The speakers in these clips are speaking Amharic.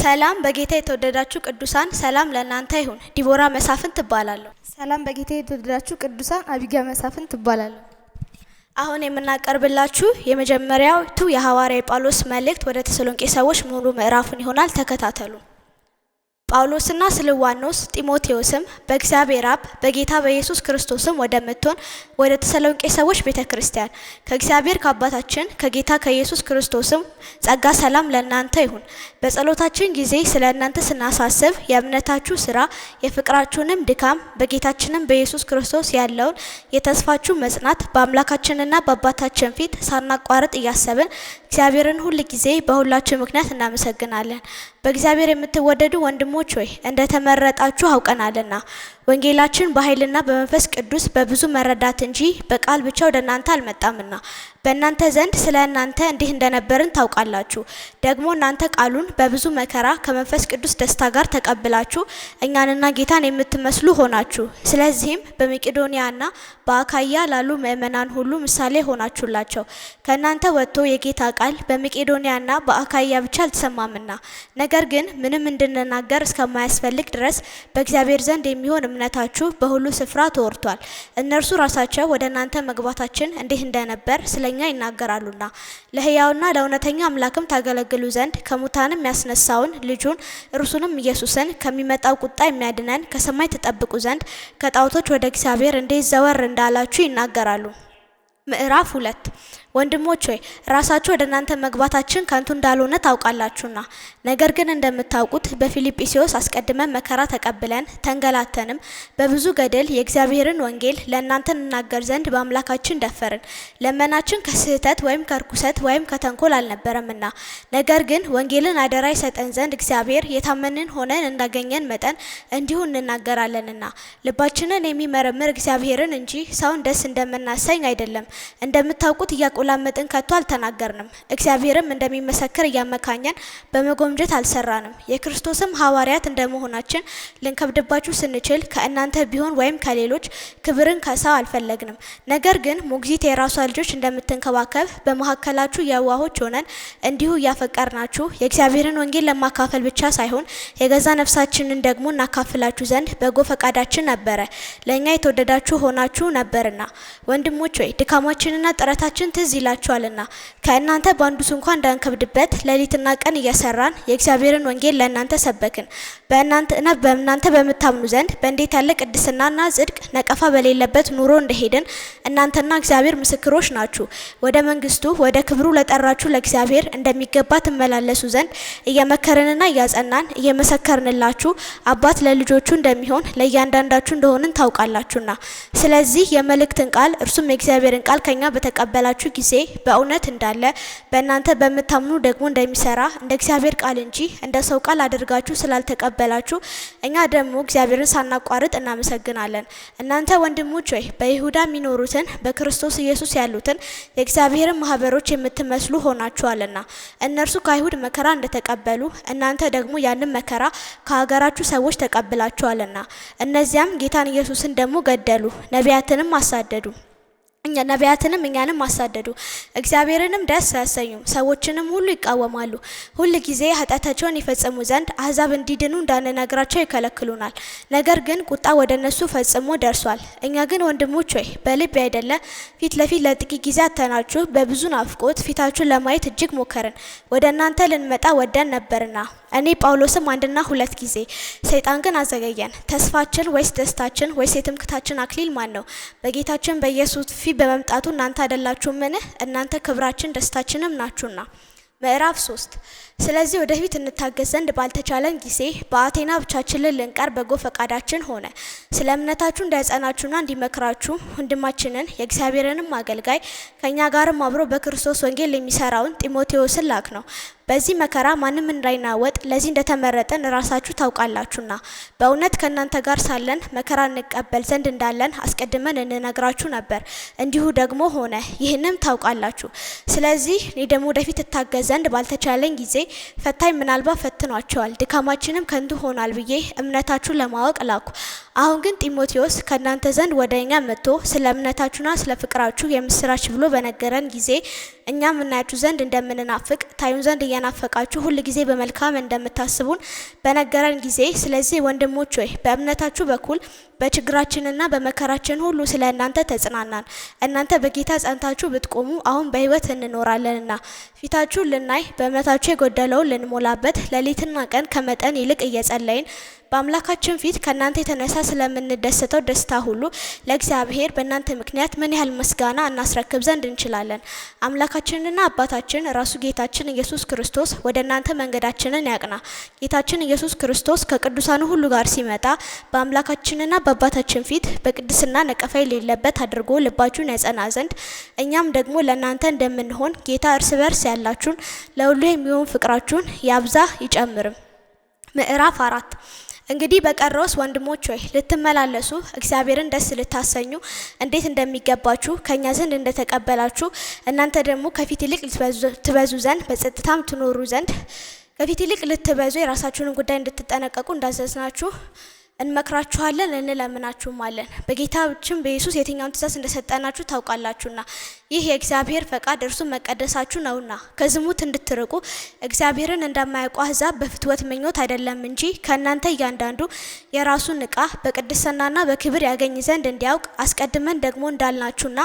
ሰላም በጌታ የተወደዳችሁ ቅዱሳን፣ ሰላም ለእናንተ ይሁን። ዲቦራ መሳፍን ትባላለሁ። ሰላም በጌታ የተወደዳችሁ ቅዱሳን፣ አቢጋ መሳፍን ትባላለሁ። አሁን የምናቀርብላችሁ የመጀመሪያው ቱ የሐዋርያ ጳውሎስ መልእክት ወደ ተሰሎንቄ ሰዎች ሙሉ ምዕራፉን ይሆናል። ተከታተሉ። ጳውሎስና ስልዋኖስ ጢሞቴዎስም በእግዚአብሔር አብ በጌታ በኢየሱስ ክርስቶስም ወደምትሆን ወደ ተሰሎንቄ ሰዎች ቤተ ክርስቲያን ከእግዚአብሔር ከአባታችን ከጌታ ከኢየሱስ ክርስቶስም ጸጋ ሰላም ለእናንተ ይሁን። በጸሎታችን ጊዜ ስለ እናንተ ስናሳስብ የእምነታችሁ ስራ፣ የፍቅራችሁንም ድካም፣ በጌታችንም በኢየሱስ ክርስቶስ ያለውን የተስፋችሁ መጽናት በአምላካችንና በአባታችን ፊት ሳናቋረጥ እያሰብን እግዚአብሔርን ሁል ጊዜ በሁላችሁ ምክንያት እናመሰግናለን። በእግዚአብሔር የምትወደዱ ወንድሞች ሆይ እንደ ተመረጣችሁ አውቀናልና ወንጌላችን በኃይልና በመንፈስ ቅዱስ በብዙ መረዳት እንጂ በቃል ብቻ ወደ እናንተ አልመጣምና በእናንተ ዘንድ ስለ እናንተ እንዲህ እንደነበርን ታውቃላችሁ። ደግሞ እናንተ ቃሉን በብዙ መከራ ከመንፈስ ቅዱስ ደስታ ጋር ተቀብላችሁ እኛንና ጌታን የምትመስሉ ሆናችሁ። ስለዚህም በመቄዶንያና በአካያ ላሉ ምእመናን ሁሉ ምሳሌ ሆናችሁላቸው። ከእናንተ ወጥቶ የጌታ ቃል በመቄዶንያና በአካያ ብቻ አልተሰማምና፣ ነገር ግን ምንም እንድንናገር እስከማያስፈልግ ድረስ በእግዚአብሔር ዘንድ የሚሆን እምነታችሁ በሁሉ ስፍራ ተወርቷል። እነርሱ ራሳቸው ወደ እናንተ መግባታችን እንዴት እንደነበር ስለኛ ይናገራሉና ለሕያውና ለእውነተኛ አምላክም ታገለግሉ ዘንድ ከሙታንም ያስነሳውን ልጁን እርሱንም ኢየሱስን ከሚመጣው ቁጣ የሚያድነን ከሰማይ ተጠብቁ ዘንድ ከጣዖቶች ወደ እግዚአብሔር እንዴት ዘወር እንዳላችሁ ይናገራሉ። ምዕራፍ ሁለት ወንድሞች ሆይ ራሳችሁ ወደ እናንተ መግባታችን ከንቱ እንዳልሆነ ታውቃላችሁና፣ ነገር ግን እንደምታውቁት በፊልጵስዮስ አስቀድመን መከራ ተቀብለን ተንገላተንም፣ በብዙ ገደል የእግዚአብሔርን ወንጌል ለእናንተ እንናገር ዘንድ በአምላካችን ደፈርን። ለመናችን ከስህተት ወይም ከርኩሰት ወይም ከተንኮል አልነበረምና፣ ነገር ግን ወንጌልን አደራ ይሰጠን ዘንድ እግዚአብሔር የታመንን ሆነን እንዳገኘን መጠን እንዲሁ እንናገራለንና ልባችንን የሚመረምር እግዚአብሔርን እንጂ ሰውን ደስ እንደምናሰኝ አይደለም። እንደምታውቁት እያቆ የመቁላል ከቶ አልተናገርንም። እግዚአብሔርም እንደሚመሰክር እያመካኘን በመጎምጀት አልሰራንም። የክርስቶስም ሐዋርያት እንደመሆናችን ልንከብድባችሁ ስንችል ከእናንተ ቢሆን ወይም ከሌሎች ክብርን ከሰው አልፈለግንም። ነገር ግን ሞግዚት የራሷ ልጆች እንደምትንከባከብ በመካከላችሁ የዋሆች ሆነን እንዲሁ እያፈቀርናችሁ የእግዚአብሔርን ወንጌል ለማካፈል ብቻ ሳይሆን የገዛ ነፍሳችንን ደግሞ እናካፍላችሁ ዘንድ በጎ ፈቃዳችን ነበረ። ለእኛ የተወደዳችሁ ሆናችሁ ነበርና ወንድሞች ወይ ድካማችንና ጥረታችን ትዝ ትዝ ይላችኋልና ከእናንተ በአንዱ ስንኳ እንዳንከብድበት ሌሊትና ቀን እየሰራን የእግዚአብሔርን ወንጌል ለእናንተ ሰበክን። በእናንተና በእናንተ በምታምኑ ዘንድ በእንዴት ያለ ቅድስናና ጽድቅ ነቀፋ በሌለበት ኑሮ እንደሄድን እናንተና እግዚአብሔር ምስክሮች ናችሁ። ወደ መንግስቱ ወደ ክብሩ ለጠራችሁ ለእግዚአብሔር እንደሚገባ ትመላለሱ ዘንድ እየመከርንና እያጸናን እየመሰከርንላችሁ አባት ለልጆቹ እንደሚሆን ለእያንዳንዳችሁ እንደሆንን ታውቃላችሁና ስለዚህ የመልእክትን ቃል እርሱም የእግዚአብሔርን ቃል ከኛ በተቀበላችሁ ጊዜ ጊዜ በእውነት እንዳለ በእናንተ በምታምኑ ደግሞ እንደሚሰራ እንደ እግዚአብሔር ቃል እንጂ እንደ ሰው ቃል አድርጋችሁ ስላልተቀበላችሁ እኛ ደግሞ እግዚአብሔርን ሳናቋርጥ እናመሰግናለን። እናንተ ወንድሞች ወይ በይሁዳ የሚኖሩትን በክርስቶስ ኢየሱስ ያሉትን የእግዚአብሔርን ማህበሮች የምትመስሉ ሆናችኋልና እነርሱ ከአይሁድ መከራ እንደተቀበሉ እናንተ ደግሞ ያንን መከራ ከሀገራችሁ ሰዎች ተቀብላችኋልና እነዚያም ጌታን ኢየሱስን ደግሞ ገደሉ፣ ነቢያትንም አሳደዱ። እኛ ነቢያትንም እኛንም አሳደዱ፣ እግዚአብሔርንም ደስ አያሰኙም፣ ሰዎችንም ሁሉ ይቃወማሉ። ሁል ጊዜ ኃጢአታቸውን ይፈጽሙ ዘንድ አሕዛብ እንዲድኑ እንዳንነግራቸው ይከለክሉናል። ነገር ግን ቁጣ ወደ እነሱ ፈጽሞ ደርሷል። እኛ ግን ወንድሞች ሆይ በልብ አይደለ ፊት ለፊት ለጥቂት ጊዜ አተናችሁ በብዙ ናፍቆት ፊታችሁን ለማየት እጅግ ሞከርን፣ ወደ እናንተ ልንመጣ ወደን ነበርና እኔ ጳውሎስም አንድና ሁለት ጊዜ ሰይጣን ግን አዘገየን። ተስፋችን ወይስ ደስታችን ወይስ የትምክታችን አክሊል ማን ነው? በጌታችን በኢየሱስ ፊት በመምጣቱ እናንተ አይደላችሁምን? እናንተ ክብራችን ደስታችንም ናችሁና። ምዕራፍ ሶስት ስለዚህ ወደፊት እንታገዝ ዘንድ ባልተቻለን ጊዜ በአቴና ብቻችንን ልንቀር በጎ ፈቃዳችን ሆነ። ስለ እምነታችሁ እንዳይጸናችሁና እንዲመክራችሁ ወንድማችንን የእግዚአብሔርንም አገልጋይ ከእኛ ጋርም አብሮ በክርስቶስ ወንጌል የሚሰራውን ጢሞቴዎስን ላክ ነው። በዚህ መከራ ማንም እንዳይናወጥ ለዚህ እንደተመረጠን ራሳችሁ ታውቃላችሁና፣ በእውነት ከእናንተ ጋር ሳለን መከራ እንቀበል ዘንድ እንዳለን አስቀድመን እንነግራችሁ ነበር። እንዲሁ ደግሞ ሆነ፣ ይህንም ታውቃላችሁ። ስለዚህ እኔ ደግሞ ወደፊት እታገዝ ዘንድ ባልተቻለኝ ጊዜ ፈታኝ ምናልባት ፈትኗቸዋል፣ ድካማችንም ከንቱ ሆኗል ብዬ እምነታችሁ ለማወቅ ላኩ። አሁን ግን ጢሞቴዎስ ከእናንተ ዘንድ ወደ እኛ መጥቶ ስለ እምነታችሁና ስለ ፍቅራችሁ የምስራች ብሎ በነገረን ጊዜ እኛም እናያችሁ ዘንድ እንደምንናፍቅ ታዩን ዘንድ እየናፈቃችሁ ሁል ጊዜ በመልካም እንደምታስቡን በነገረን ጊዜ፣ ስለዚህ ወንድሞች ሆይ በእምነታችሁ በኩል በችግራችንና በመከራችን ሁሉ ስለ እናንተ ተጽናናን። እናንተ በጌታ ጸንታችሁ ብትቆሙ አሁን በሕይወት እንኖራለንና ፊታችሁን ልናይ በእምነታችሁ የጎደለውን ልንሞላበት ሌሊትና ቀን ከመጠን ይልቅ እየጸለይን በአምላካችን ፊት ከእናንተ የተነሳ ስለምንደሰተው ደስታ ሁሉ ለእግዚአብሔር በእናንተ ምክንያት ምን ያህል ምስጋና እናስረክብ ዘንድ እንችላለን። አምላካችንና አባታችን ራሱ ጌታችን ኢየሱስ ክርስቶስ ወደ እናንተ መንገዳችንን ያቅና። ጌታችን ኢየሱስ ክርስቶስ ከቅዱሳኑ ሁሉ ጋር ሲመጣ በአምላካችንና በአባታችን ፊት በቅድስና ነቀፋ የሌለበት አድርጎ ልባችሁን ያጸና ዘንድ እኛም ደግሞ ለእናንተ እንደምንሆን ጌታ እርስ በርስ ያላችሁን ለሁሉ የሚሆን ፍቅራችሁን ያብዛ ይጨምርም። ምዕራፍ አራት እንግዲህ በቀረውስ ወንድሞች ሆይ ልትመላለሱ እግዚአብሔርን ደስ ልታሰኙ እንዴት እንደሚገባችሁ ከእኛ ዘንድ እንደተቀበላችሁ እናንተ ደግሞ ከፊት ይልቅ ትበዙ ዘንድ በጸጥታም ትኖሩ ዘንድ ከፊት ይልቅ ልትበዙ የራሳችሁንም ጉዳይ እንድትጠነቀቁ እንዳዘዝናችሁ እንመክራችኋለን እንለምናችሁማለን። በጌታችን በኢየሱስ የትኛውን ትእዛዝ እንደሰጠናችሁ ታውቃላችሁና ይህ የእግዚአብሔር ፈቃድ እርሱ መቀደሳችሁ ነውና ከዝሙት እንድትርቁ እግዚአብሔርን እንደማያውቁ አሕዛብ በፍትወት ምኞት አይደለም እንጂ ከእናንተ እያንዳንዱ የራሱን ዕቃ በቅድስናና በክብር ያገኝ ዘንድ እንዲያውቅ አስቀድመን ደግሞ እንዳልናችሁና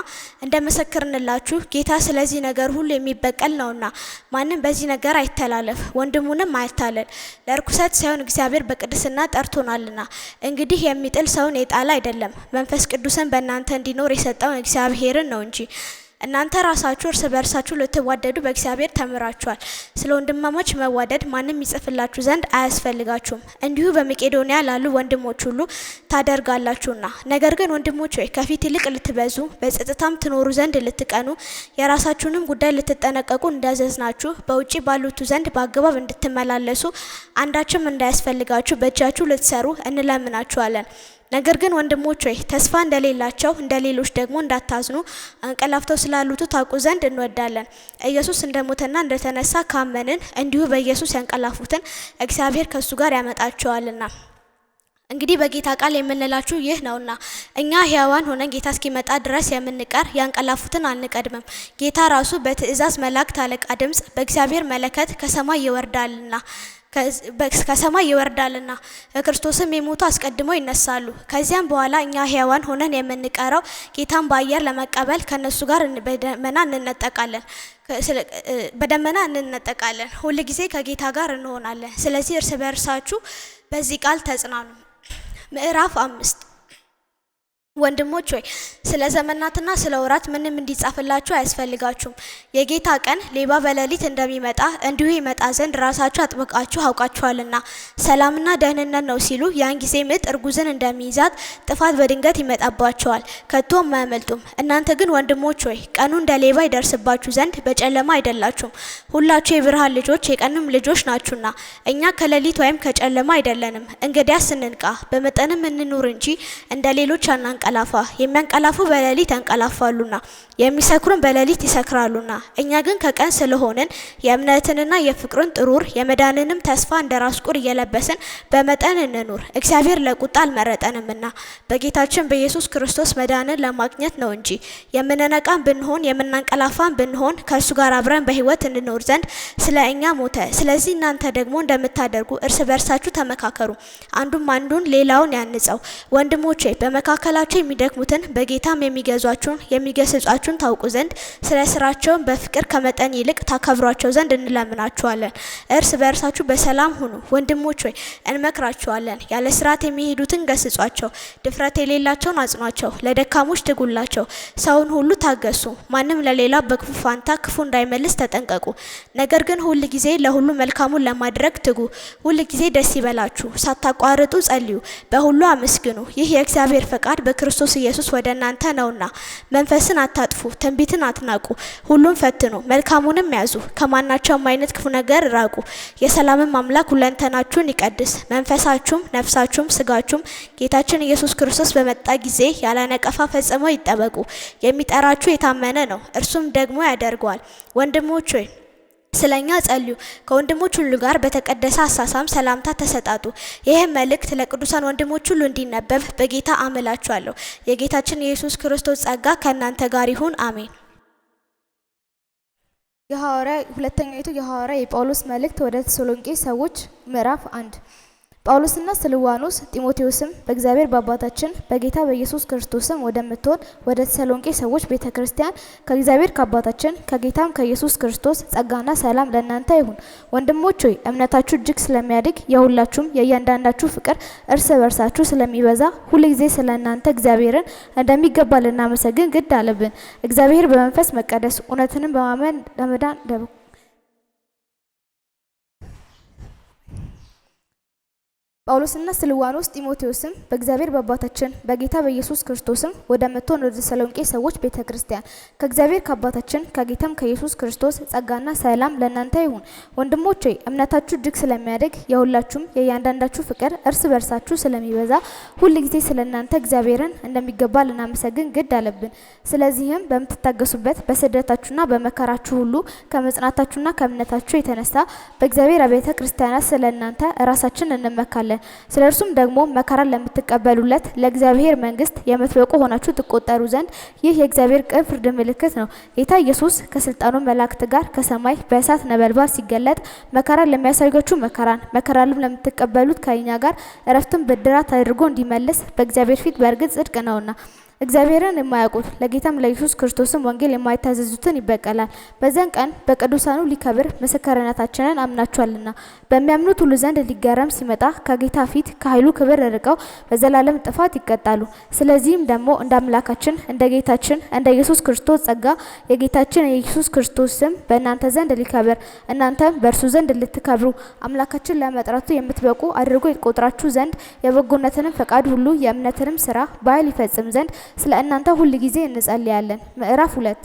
እንደመሰክርንላችሁ ጌታ ስለዚህ ነገር ሁሉ የሚበቀል ነውና ማንም በዚህ ነገር አይተላለፍ፣ ወንድሙንም አይታለል። ለርኩሰት ሳይሆን እግዚአብሔር በቅድስና ጠርቶናልና። እንግዲህ የሚጥል ሰውን የጣለ አይደለም፣ መንፈስ ቅዱስን በእናንተ እንዲኖር የሰጠውን እግዚአብሔርን ነው እንጂ እናንተ ራሳችሁ እርስ በእርሳችሁ ልትዋደዱ በእግዚአብሔር ተምራችኋል። ስለ ወንድማማች መዋደድ ማንም ይጽፍላችሁ ዘንድ አያስፈልጋችሁም፣ እንዲሁ በመቄዶንያ ላሉ ወንድሞች ሁሉ ታደርጋላችሁና። ነገር ግን ወንድሞች ሆይ ከፊት ይልቅ ልትበዙ፣ በጸጥታም ትኖሩ ዘንድ ልትቀኑ፣ የራሳችሁንም ጉዳይ ልትጠነቀቁ እንዳዘዝናችሁ በውጭ ባሉቱ ዘንድ በአግባብ እንድትመላለሱ አንዳችም እንዳያስፈልጋችሁ በእጃችሁ ልትሰሩ እንለምናችኋለን። ነገር ግን ወንድሞች ሆይ ተስፋ እንደሌላቸው እንደ ሌሎች ደግሞ እንዳታዝኑ አንቀላፍተው ስላሉቱ ታውቁ ዘንድ እንወዳለን። ኢየሱስ እንደ ሞተና እንደ ተነሳ ካመንን እንዲሁ በኢየሱስ ያንቀላፉትን እግዚአብሔር ከእሱ ጋር ያመጣቸዋልና። እንግዲህ በጌታ ቃል የምንላችሁ ይህ ነውና እኛ ሕያዋን ሆነን ጌታ እስኪመጣ ድረስ የምንቀር ያንቀላፉትን አንቀድምም። ጌታ ራሱ በትእዛዝ መላእክት አለቃ ድምፅ በእግዚአብሔር መለከት ከሰማይ ይወርዳልና ከሰማይ ይወርዳልና ክርስቶስም የሞቱ አስቀድሞ ይነሳሉ። ከዚያም በኋላ እኛ ሕያዋን ሆነን የምንቀረው ጌታን በአየር ለመቀበል ከነሱ ጋር በደመና እንነጠቃለን በደመና እንነጠቃለን። ሁል ጊዜ ከጌታ ጋር እንሆናለን። ስለዚህ እርስ በእርሳችሁ በዚህ ቃል ተጽናኑ። ምዕራፍ አምስት ወንድሞች ሆይ ስለ ዘመናትና ስለ ወራት ምንም እንዲጻፍላችሁ አያስፈልጋችሁም። የጌታ ቀን ሌባ በሌሊት እንደሚመጣ እንዲሁ ይመጣ ዘንድ ራሳችሁ አጥብቃችሁ አውቃችኋልና። ሰላምና ደህንነት ነው ሲሉ ያን ጊዜ ምጥ እርጉዝን እንደሚይዛት ጥፋት በድንገት ይመጣባቸዋል፣ ከቶም አያመልጡም። እናንተ ግን ወንድሞች ሆይ ቀኑ እንደ ሌባ ይደርስባችሁ ዘንድ በጨለማ አይደላችሁም፣ ሁላችሁ የብርሃን ልጆች የቀንም ልጆች ናችሁና። እኛ ከሌሊት ወይም ከጨለማ አይደለንም። እንግዲያስ እንንቃ፣ በመጠንም እንኑር እንጂ እንደ ሌሎች አናንቃ አንቀላፋ። የሚያንቀላፉ በሌሊት ያንቀላፋሉና የሚሰክሩን በሌሊት ይሰክራሉና እኛ ግን ከቀን ስለሆንን የእምነትንና የፍቅርን ጥሩር የመዳንንም ተስፋ እንደ ራስ ቁር እየለበስን በመጠን እንኑር። እግዚአብሔር ለቁጣ አልመረጠንምና በጌታችን በኢየሱስ ክርስቶስ መዳንን ለማግኘት ነው እንጂ የምንነቃን ብንሆን የምናንቀላፋም ብንሆን ከእርሱ ጋር አብረን በህይወት እንኖር ዘንድ ስለ እኛ ሞተ። ስለዚህ እናንተ ደግሞ እንደምታደርጉ እርስ በርሳችሁ ተመካከሩ፣ አንዱም አንዱን ሌላውን ያንጸው። ወንድሞቼ በመካከላችን በሥራቸው የሚደክሙትን በጌታም የሚገዟችሁን የሚገስጿችሁን ታውቁ ዘንድ ስለ ስራቸውን በፍቅር ከመጠን ይልቅ ታከብሯቸው ዘንድ እንለምናችኋለን። እርስ በእርሳችሁ በሰላም ሁኑ። ወንድሞች ሆይ እንመክራችኋለን፣ ያለ ስርዓት የሚሄዱትን ገስጿቸው፣ ድፍረት የሌላቸውን አጽኗቸው፣ ለደካሞች ትጉላቸው፣ ሰውን ሁሉ ታገሱ። ማንም ለሌላ በክፉ ፋንታ ክፉ እንዳይመልስ ተጠንቀቁ። ነገር ግን ሁል ጊዜ ለሁሉ መልካሙን ለማድረግ ትጉ። ሁል ጊዜ ደስ ይበላችሁ፣ ሳታቋርጡ ጸልዩ፣ በሁሉ አመስግኑ። ይህ የእግዚአብሔር ፈቃድ በክር ክርስቶስ ኢየሱስ ወደ እናንተ ነውና። መንፈስን አታጥፉ፣ ትንቢትን አትናቁ፣ ሁሉን ፈትኑ፣ መልካሙንም ያዙ፣ ከማናቸውም አይነት ክፉ ነገር ራቁ። የሰላምም አምላክ ሁለንተናችሁን ይቀድስ፣ መንፈሳችሁም፣ ነፍሳችሁም፣ ስጋችሁም ጌታችን ኢየሱስ ክርስቶስ በመጣ ጊዜ ያለነቀፋ ፈጽመው ፈጽሞ ይጠበቁ። የሚጠራችሁ የታመነ ነው፣ እርሱም ደግሞ ያደርገዋል። ወንድሞች ሆይ ስለኛ ጸልዩ። ከወንድሞች ሁሉ ጋር በተቀደሰ አሳሳም ሰላምታ ተሰጣጡ። ይህም መልእክት ለቅዱሳን ወንድሞች ሁሉ እንዲነበብ በጌታ አምላችኋለሁ። የጌታችን የኢየሱስ ክርስቶስ ጸጋ ከእናንተ ጋር ይሁን፣ አሜን። የሐዋርያ ሁለተኛይቱ የሐዋርያ የጳውሎስ መልእክት ወደ ተሰሎንቄ ሰዎች ምዕራፍ አንድ ጳውሎስና ስልዋኖስ ጢሞቴዎስም በእግዚአብሔር በአባታችን በጌታ በኢየሱስ ክርስቶስም ወደምትሆን ወደ ተሰሎንቄ ሰዎች ቤተ ክርስቲያን ከእግዚአብሔር ከአባታችን ከጌታም ከኢየሱስ ክርስቶስ ጸጋና ሰላም ለእናንተ ይሁን። ወንድሞች ሆይ እምነታችሁ እጅግ ስለሚያድግ የሁላችሁም የእያንዳንዳችሁ ፍቅር እርስ በርሳችሁ ስለሚበዛ ሁልጊዜ ስለ እናንተ እግዚአብሔርን እንደሚገባ ልናመሰግን ግድ አለብን። እግዚአብሔር በመንፈስ መቀደስ እውነትንም በማመን ለመዳን ደብ ጳውሎስና ስልዋኖስ ጢሞቴዎስም በእግዚአብሔር በአባታችን በጌታ በኢየሱስ ክርስቶስም ወደ መጥቶን ወደ ተሰሎንቄ ሰዎች ቤተ ክርስቲያን ከእግዚአብሔር ከአባታችን ከጌታም ከኢየሱስ ክርስቶስ ጸጋና ሰላም ለእናንተ ይሁን። ወንድሞች ሆይ እምነታችሁ እጅግ ስለሚያደግ የሁላችሁም የእያንዳንዳችሁ ፍቅር እርስ በርሳችሁ ስለሚበዛ ጊዜ ስለ እናንተ እግዚአብሔርን እንደሚገባ ልናመሰግን ግድ አለብን። ስለዚህም በምትታገሱበት በስደታችሁና በመከራችሁ ሁሉ ከመጽናታችሁና ከእምነታችሁ የተነሳ በእግዚአብሔር አብያተ ክርስቲያናት ስለ እናንተ ራሳችን እንመካለን። ስለ እርሱም ደግሞ መከራን ለምትቀበሉለት ለእግዚአብሔር መንግስት የምትበቁ ሆናችሁ ትቆጠሩ ዘንድ ይህ የእግዚአብሔር ቅን ፍርድ ምልክት ነው። ጌታ ኢየሱስ ከስልጣኑ መላእክት ጋር ከሰማይ በእሳት ነበልባል ሲገለጥ መከራን ለሚያሳዩችሁ መከራን መከራንም ለምትቀበሉት ከእኛ ጋር እረፍትን ብድራት አድርጎ እንዲመልስ በእግዚአብሔር ፊት በእርግጥ ጽድቅ ነውና እግዚአብሔርን የማያውቁት ለጌታም ለኢየሱስ ክርስቶስም ወንጌል የማይታዘዙትን ይበቀላል። በዚያን ቀን በቅዱሳኑ ሊከብር ምስክርነታችንን አምናችኋልና በሚያምኑት ሁሉ ዘንድ ሊገረም ሲመጣ ከጌታ ፊት ከኃይሉ ክብር ርቀው በዘላለም ጥፋት ይቀጣሉ። ስለዚህም ደግሞ እንደ አምላካችን እንደ ጌታችን እንደ ኢየሱስ ክርስቶስ ጸጋ የጌታችን የኢየሱስ ክርስቶስ ስም በእናንተ ዘንድ ሊከብር እናንተም በእርሱ ዘንድ ልትከብሩ አምላካችን ለመጥራቱ የምትበቁ አድርጎ ይቆጥራችሁ ዘንድ የበጎነትንም ፈቃድ ሁሉ የእምነትንም ስራ በኃይል ይፈጽም ዘንድ ስለ እናንተ ሁል ጊዜ እንጸልያለን። ምዕራፍ ሁለት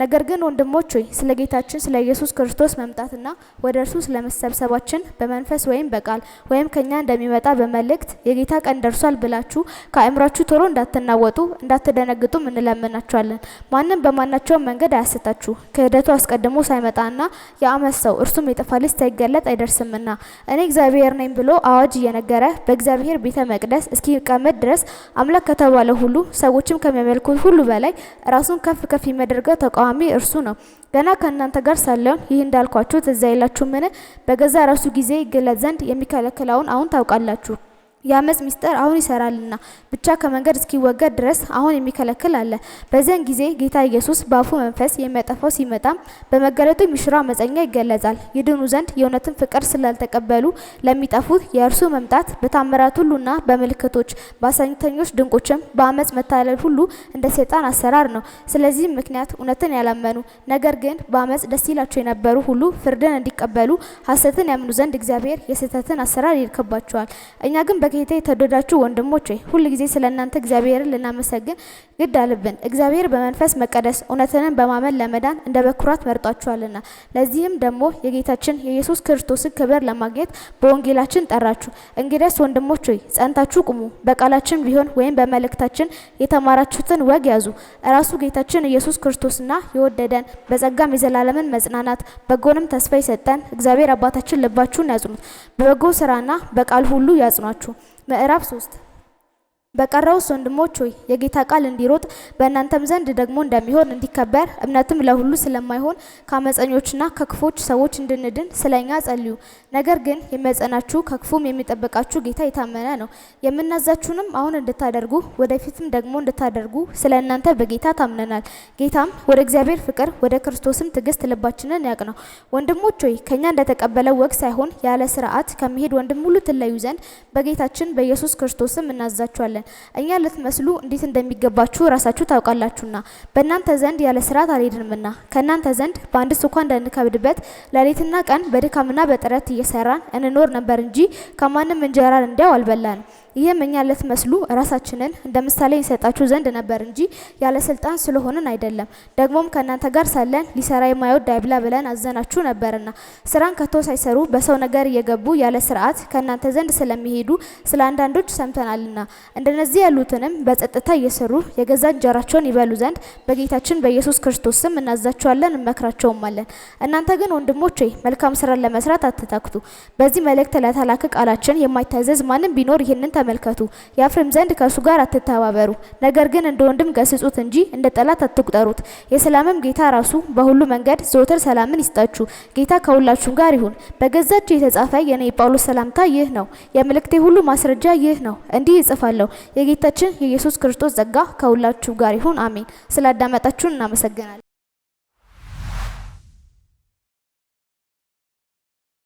ነገር ግን ወንድሞች ሆይ ስለ ጌታችን ስለ ኢየሱስ ክርስቶስ መምጣትና ወደ እርሱ ስለ መሰብሰባችን በመንፈስ ወይም በቃል ወይም ከኛ እንደሚመጣ በመልእክት የጌታ ቀን ደርሷል ብላችሁ ከአእምሯችሁ ቶሎ እንዳትናወጡ እንዳትደነግጡም እንለምናችኋለን። ማንም በማናቸውም መንገድ አያስታችሁ፣ ክህደቱ አስቀድሞ ሳይመጣና የአመት ሰው እርሱም የጠፋ ልጅ ሳይገለጥ አይደርስምና። እኔ እግዚአብሔር ነኝ ብሎ አዋጅ እየነገረ በእግዚአብሔር ቤተ መቅደስ እስኪቀመጥ ድረስ አምላክ ከተባለ ሁሉ ሰዎችም ከሚያመልኩት ሁሉ በላይ ራሱን ከፍ ከፍ የሚያደርገው ተቋ ተቃዋሚ እርሱ ነው። ገና ከእናንተ ጋር ሳለሁ ይህ እንዳልኳችሁ ትዝ አይላችሁምን? በገዛ ራሱ ጊዜ ይገለጥ ዘንድ የሚከለክለውን አሁን ታውቃላችሁ። የአመፅ ሚስጥር አሁን ይሰራልና ብቻ ከመንገድ እስኪወገድ ድረስ አሁን የሚከለክል አለ። በዚያን ጊዜ ጌታ ኢየሱስ በአፉ መንፈስ የሚያጠፋው ሲመጣም በመገለጡ የሚሽረው አመፀኛ ይገለጻል። ይድኑ ዘንድ የእውነትን ፍቅር ስላልተቀበሉ ለሚጠፉት የእርሱ መምጣት በታምራት ሁሉና በምልክቶች በአሰኝተኞች ድንቆችም በአመፅ መታለል ሁሉ እንደ ሰይጣን አሰራር ነው። ስለዚህ ምክንያት እውነትን ያላመኑ ነገር ግን በአመፅ ደስ ይላቸው የነበሩ ሁሉ ፍርድን እንዲቀበሉ ሐሰትን ያምኑ ዘንድ እግዚአብሔር የስህተትን አሰራር ይልክባቸዋል። እኛ ግን በጌታ የተወደዳችሁ ወንድሞች ሆይ ጊዜ ስለ እናንተ እግዚአብሔርን ልናመሰግን ግድ አለብን። እግዚአብሔር በመንፈስ መቀደስ እውነትንን በማመን ለመዳን እንደ በኩራት መርጧችኋልና ለዚህም ደግሞ የጌታችን የኢየሱስ ክርስቶስን ክብር ለማግኘት በወንጌላችን ጠራችሁ። እንግዲያስ ወንድሞች ሆይ ጸንታችሁ ቁሙ። በቃላችን ቢሆን ወይም በመልእክታችን የተማራችሁትን ወግ ያዙ። እራሱ ጌታችን ኢየሱስ ክርስቶስና የወደደን በጸጋም የዘላለምን መጽናናት በጎንም ተስፋ የሰጠን እግዚአብሔር አባታችን ልባችሁን ያጽኑት፣ በበጎ ስራና በቃል ሁሉ ያጽኗችሁ። ምዕራፍ 3 በቀረውስ ወንድሞች ሆይ የጌታ ቃል እንዲሮጥ በእናንተም ዘንድ ደግሞ እንደሚሆን እንዲከበር እምነትም ለሁሉ ስለማይሆን ከአመፀኞችና ከክፎች ሰዎች እንድንድን ስለኛ ጸልዩ። ነገር ግን የሚያጸናችሁ ከክፉም የሚጠበቃችሁ ጌታ የታመነ ነው። የምናዛችሁንም አሁን እንድታደርጉ ወደፊትም ደግሞ እንድታደርጉ ስለ እናንተ በጌታ ታምነናል። ጌታም ወደ እግዚአብሔር ፍቅር ወደ ክርስቶስም ትዕግስት ልባችንን ነው። ወንድሞች ሆይ ከእኛ እንደተቀበለው ወግ ሳይሆን ያለ ስርዓት ከሚሄድ ወንድም ሁሉ ትለዩ ዘንድ በጌታችን በኢየሱስ ክርስቶስም እናዛችኋለን። እንችላለን። እኛ ልትመስሉ እንዴት እንደሚገባችሁ ራሳችሁ ታውቃላችሁና በእናንተ ዘንድ ያለ ስርዓት አልሄድንምና ከእናንተ ዘንድ በአንድ ስንኳ እንዳንከብድበት ሌሊትና ቀን በድካምና በጥረት እየሰራን እንኖር ነበር እንጂ ከማንም እንጀራ እንዲያው አልበላንም። ይህም እኛ ልትመስሉ ራሳችንን እንደ ምሳሌ ይሰጣችሁ ዘንድ ነበር እንጂ ያለ ስልጣን ስለሆንን አይደለም። ደግሞም ከእናንተ ጋር ሳለን ሊሰራ የማይወድ አይብላ ብለን አዘናችሁ ነበርና ስራን ከቶ ሳይሰሩ በሰው ነገር እየገቡ ያለ ስርዓት ከእናንተ ዘንድ ስለሚሄዱ ስለ አንዳንዶች ሰምተናልና እንደነዚህ ያሉትንም በጸጥታ እየሰሩ የገዛ እንጀራቸውን ይበሉ ዘንድ በጌታችን በኢየሱስ ክርስቶስ ስም እናዛቸዋለን እንመክራቸውማለን። እናንተ ግን ወንድሞች መልካም ስራን ለመስራት አትታክቱ። በዚህ መልእክት ለተላከ ቃላችን የማይታዘዝ ማንም ቢኖር ይህንን ተመልከቱ። ያፍርም ዘንድ ከእሱ ጋር አትተባበሩ፣ ነገር ግን እንደ ወንድም ገስጹት እንጂ እንደ ጠላት አትቁጠሩት። የሰላምም ጌታ ራሱ በሁሉ መንገድ ዘወትር ሰላምን ይስጣችሁ። ጌታ ከሁላችሁም ጋር ይሁን። በገዛችሁ የተጻፈ የኔ የጳውሎስ ሰላምታ ይህ ነው። የመልእክቴ ሁሉ ማስረጃ ይህ ነው። እንዲህ ይጽፋለሁ። የጌታችን የኢየሱስ ክርስቶስ ጸጋ ከሁላችሁ ጋር ይሁን። አሜን። ስላዳመጣችሁን እናመሰግናለን።